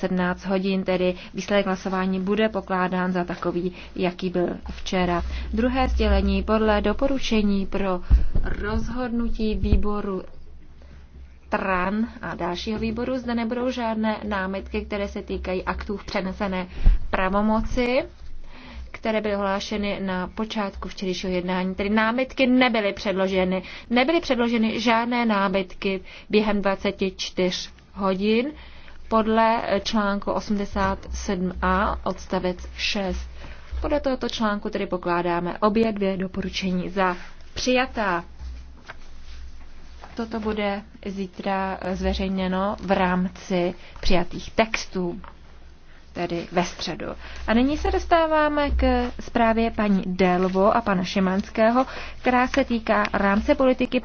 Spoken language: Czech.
17 hodin, tedy výsledek hlasování bude pokládán za takový, jaký byl včera. Druhé sdělení podle doporučení pro rozhodnutí výboru TRAN a dalšího výboru zde nebudou žádné námitky, které se týkají aktů v přenesené pravomoci které byly hlášeny na počátku včerejšího jednání. Tedy námitky nebyly předloženy. Nebyly předloženy žádné námitky během 24 hodin podle článku 87a odstavec 6. Podle tohoto článku tedy pokládáme obě dvě doporučení za přijatá. Toto bude zítra zveřejněno v rámci přijatých textů, tedy ve středu. A nyní se dostáváme k zprávě paní Delvo a pana Šimanského, která se týká rámce politiky